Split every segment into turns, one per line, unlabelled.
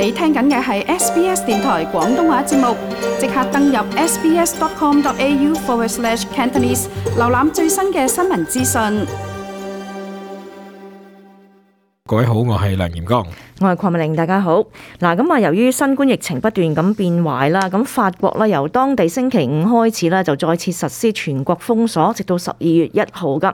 你聽緊嘅係 SBS 電台廣東話節目，即刻登入 sbs.com.au/cantonese 瀏覽最新嘅新聞資訊。
各位好，我係梁炎江，
我係鄺文玲，大家好。嗱，咁啊，由於新冠疫情不斷咁變壞啦，咁法國咧由當地星期五開始咧就再次實施全國封鎖，直到十二月一號㗎。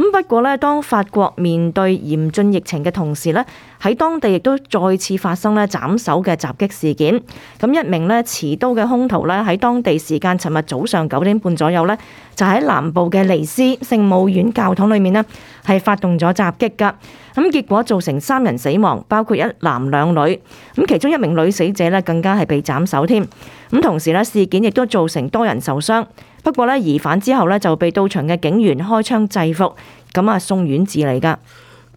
咁不過咧，當法國面對嚴峻疫情嘅同時咧，喺當地亦都再次發生咧斬首嘅襲擊事件。咁一名咧持刀嘅兇徒咧喺當地時間尋日早上九點半左右咧，就喺南部嘅尼斯聖母院教堂裏面咧，係發動咗襲擊噶。咁結果造成三人死亡，包括一男兩女。咁其中一名女死者咧，更加係被斬首添。咁同時呢，事件亦都造成多人受傷。不過呢，疑犯之後呢就被到場嘅警員開槍制服，咁啊送院治理㗎。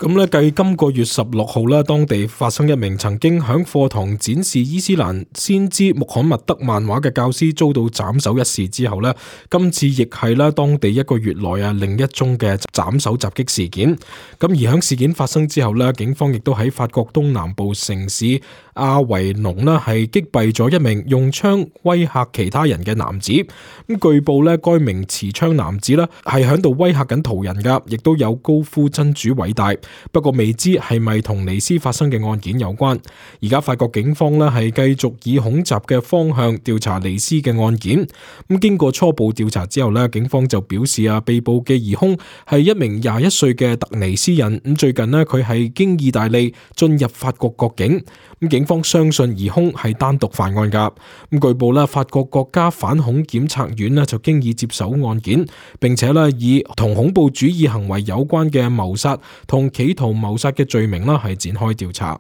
咁呢，繼今個月十六號呢，當地發生一名曾經響課堂展示伊斯蘭先知穆罕默德漫畫嘅教師遭到斬首一事之後呢，今次亦係啦，當地一個月內啊，另一宗嘅斬首襲擊事件。咁而喺事件發生之後呢，警方亦都喺法國東南部城市阿維農呢係擊斃咗一名用槍威嚇其他人嘅男子。咁據報呢，該名持槍男子呢係喺度威嚇緊途人噶，亦都有高呼真主偉大。不過未知係咪同尼斯發生嘅案件有關？而家法國警方咧係繼續以恐襲嘅方向調查尼斯嘅案件。咁經過初步調查之後咧，警方就表示啊，被捕嘅疑凶係一名廿一歲嘅特尼斯人。咁最近咧，佢係經意大利進入法國國境。警方相信疑兇係單獨犯案噶。咁據報咧，法國國家反恐檢察院咧就經已接手案件，並且咧以同恐怖主義行為有關嘅謀殺同企圖謀殺嘅罪名啦，係展開調查。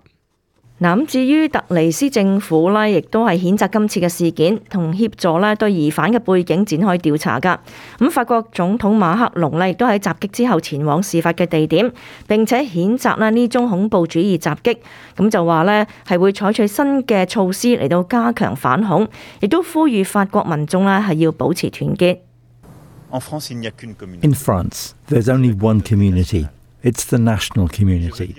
至於突尼斯政府咧，亦都係譴責今次嘅事件，同協助咧對疑犯嘅背景展開調查㗎。咁法國總統馬克龍咧，亦都喺襲擊之後前往事發嘅地點，並且譴責咧呢宗恐怖主義襲擊。咁就話咧係會採取新嘅措施嚟到加強反恐，亦都呼籲法國民眾咧係要保持團
結。
It's the national community.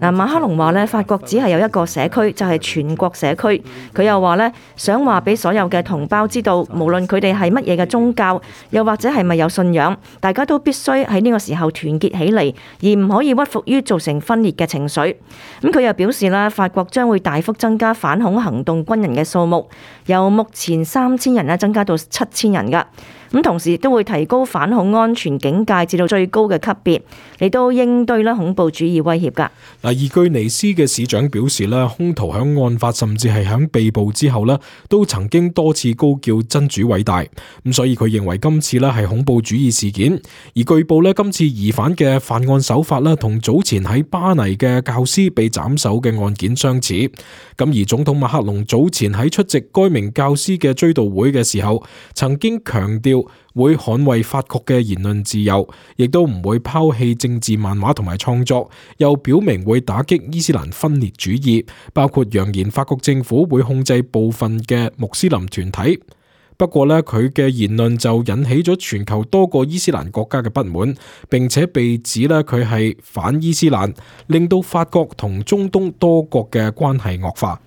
那馬克龍話咧，法國只係有一個社區，就係全國社區。佢又話咧，想話俾所有嘅同胞知道，無論佢哋係乜嘢嘅宗教，又或者係咪有信仰，大家都必須喺呢個時候團結起嚟，而唔可以屈服於造成分裂嘅情緒。咁佢又表示啦，法國將會大幅增加反恐行動軍人嘅數目，由目前三千人咧增加到七千人噶。咁同時都會提高反恐安全警戒至到最高嘅級別，你都應對啦，恐怖主義威脅㗎。嗱，而據
尼斯嘅市長表示啦，兇徒響案發甚至係響被捕之後咧，都曾經多次高叫真主偉大。咁所以佢認為今次咧係恐怖主義事件。而據報咧，今次疑犯嘅犯案手法咧，同早前喺巴黎嘅教師被斬首嘅案件相似。咁而總統馬克龍早前喺出席該名教師嘅追悼會嘅時候，曾經強調。會捍衛法國嘅言論自由，亦都唔會拋棄政治漫畫同埋創作，又表明會打擊伊斯蘭分裂主義，包括揚言法國政府會控制部分嘅穆斯林團體。不過呢，佢嘅言論就引起咗全球多個伊斯蘭國家嘅不滿，並且被指呢，佢係反伊斯蘭，令到法國同中東多國嘅關係惡化。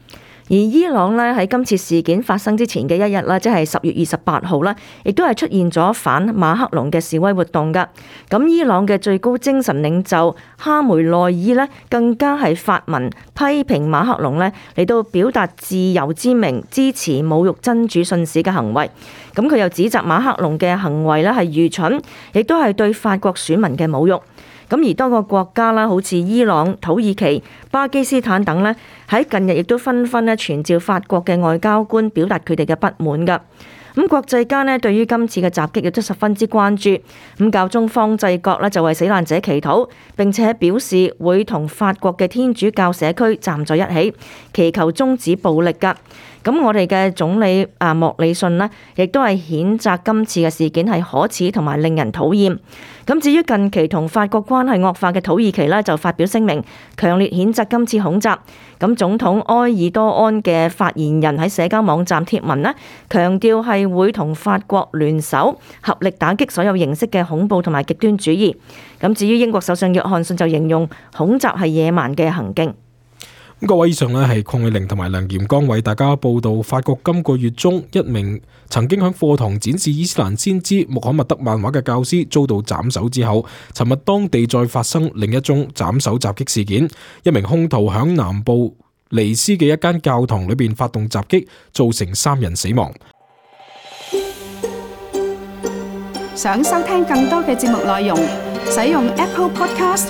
而伊朗咧，喺今次事件發生之前嘅一日啦，即係十月二十八號啦，亦都係出現咗反馬克龍嘅示威活動噶。咁伊朗嘅最高精神領袖哈梅內伊咧，更加係發文批評馬克龍咧，嚟到表達自由之名，支持侮辱真主信使嘅行為。咁佢又指責馬克龍嘅行為咧，係愚蠢，亦都係對法國選民嘅侮辱。咁而多個國家啦，好似伊朗、土耳其、巴基斯坦等呢，喺近日亦都紛紛咧傳召法國嘅外交官表達佢哋嘅不滿㗎。咁國際間呢，對於今次嘅襲擊亦都十分之關注。咁教宗方濟各呢，就為死難者祈禱，並且表示會同法國嘅天主教社區站在一起，祈求終止暴力噶。咁我哋嘅總理啊莫里森呢，亦都係譴責今次嘅事件係可恥同埋令人討厭。咁至於近期同法國關係惡化嘅土耳其呢，就發表聲明，強烈譴責今次恐襲。咁總統埃爾多安嘅發言人喺社交網站貼文呢，強調係會同法國聯手，合力打擊所有形式嘅恐怖同埋極端主義。咁至於英國首相約翰遜就形容恐襲係野蠻嘅行徑。
各位，以上呢係鄺偉玲同埋梁炎光為大家報道：法國今個月中，一名曾經喺課堂展示伊斯蘭先知穆罕默德漫畫嘅教師遭到斬首之後尋日當地再發生另一宗斬首襲擊事件。一名兇徒響南部尼斯嘅一間教堂裏邊發動襲擊，造成三人死亡。
想收聽更多嘅節目內容，使用 Apple Podcast。